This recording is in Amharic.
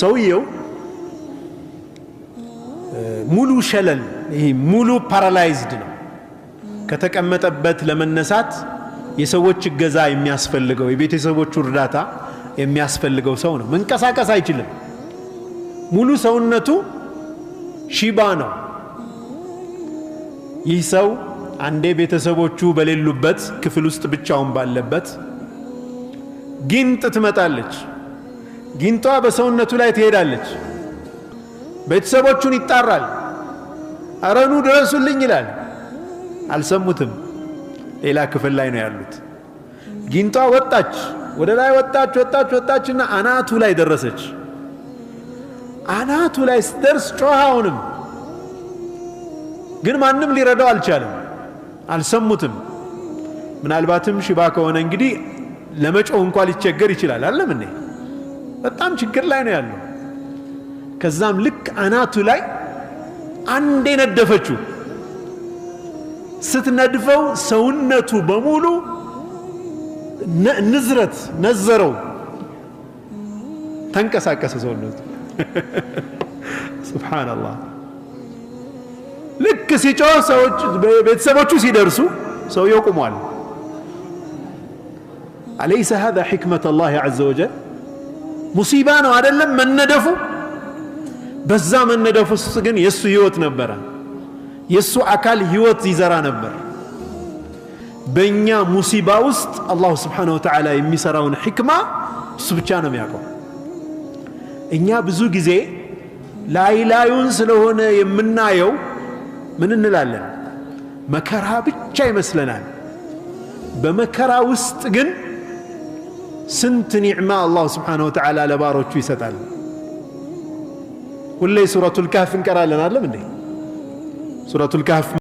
ሰውየው ሙሉ ሸለል ይሄ ሙሉ ፓራላይዝድ ነው። ከተቀመጠበት ለመነሳት የሰዎች እገዛ የሚያስፈልገው የቤተሰቦቹ እርዳታ የሚያስፈልገው ሰው ነው። መንቀሳቀስ አይችልም። ሙሉ ሰውነቱ ሺባ ነው። ይህ ሰው አንዴ ቤተሰቦቹ በሌሉበት ክፍል ውስጥ ብቻውን ባለበት ጊንጥ ትመጣለች። ጊንጧ በሰውነቱ ላይ ትሄዳለች። ቤተሰቦቹን ይጣራል። አረኑ ድረሱልኝ ይላል። አልሰሙትም። ሌላ ክፍል ላይ ነው ያሉት። ጊንጧ ወጣች፣ ወደ ላይ ወጣች፣ ወጣች፣ ወጣችና አናቱ ላይ ደረሰች። አናቱ ላይ ስትደርስ ጮኸ። አሁንም ግን ማንም ሊረዳው አልቻለም። አልሰሙትም። ምናልባትም ሽባ ከሆነ እንግዲህ ለመጮህ እንኳ ሊቸገር ይችላል አለምኔ በጣም ችግር ላይ ነው ያለው። ከዛም ልክ አናቱ ላይ አንዴ ነደፈችው። ስትነድፈው ሰውነቱ በሙሉ ንዝረት ነዘረው፣ ተንቀሳቀሰ ሰውነቱ። ሱብሓነላህ። ልክ ሲጮህ ሰዎች ቤተሰቦቹ ሲደርሱ ሰውየው ቁሟል። አለይሰ ሃዛ ሕክመት አላህ ዐዘ ወጀል ሙሲባ ነው አይደለም መነደፉ። በዛ መነደፍ ውስጥ ግን የእሱ ህይወት ነበረ። የእሱ አካል ህይወት ይዘራ ነበር። በእኛ ሙሲባ ውስጥ አላሁ ስብሓነ ወተዓላ የሚሰራውን ሕክማ እሱ ብቻ ነው የሚያውቀው። እኛ ብዙ ጊዜ ላይ ላዩን ስለሆነ የምናየው ምን እንላለን? መከራ ብቻ ይመስለናል። በመከራ ውስጥ ግን ስንት ኒዕማ አላሁ ስብሓነሁ ወተዓላ ለባሮቹ ይሰጣል። ሁሌ ሱረቱል ካህፍ እንቀራለን አለም እንዴ ሱረቱል ካህፍ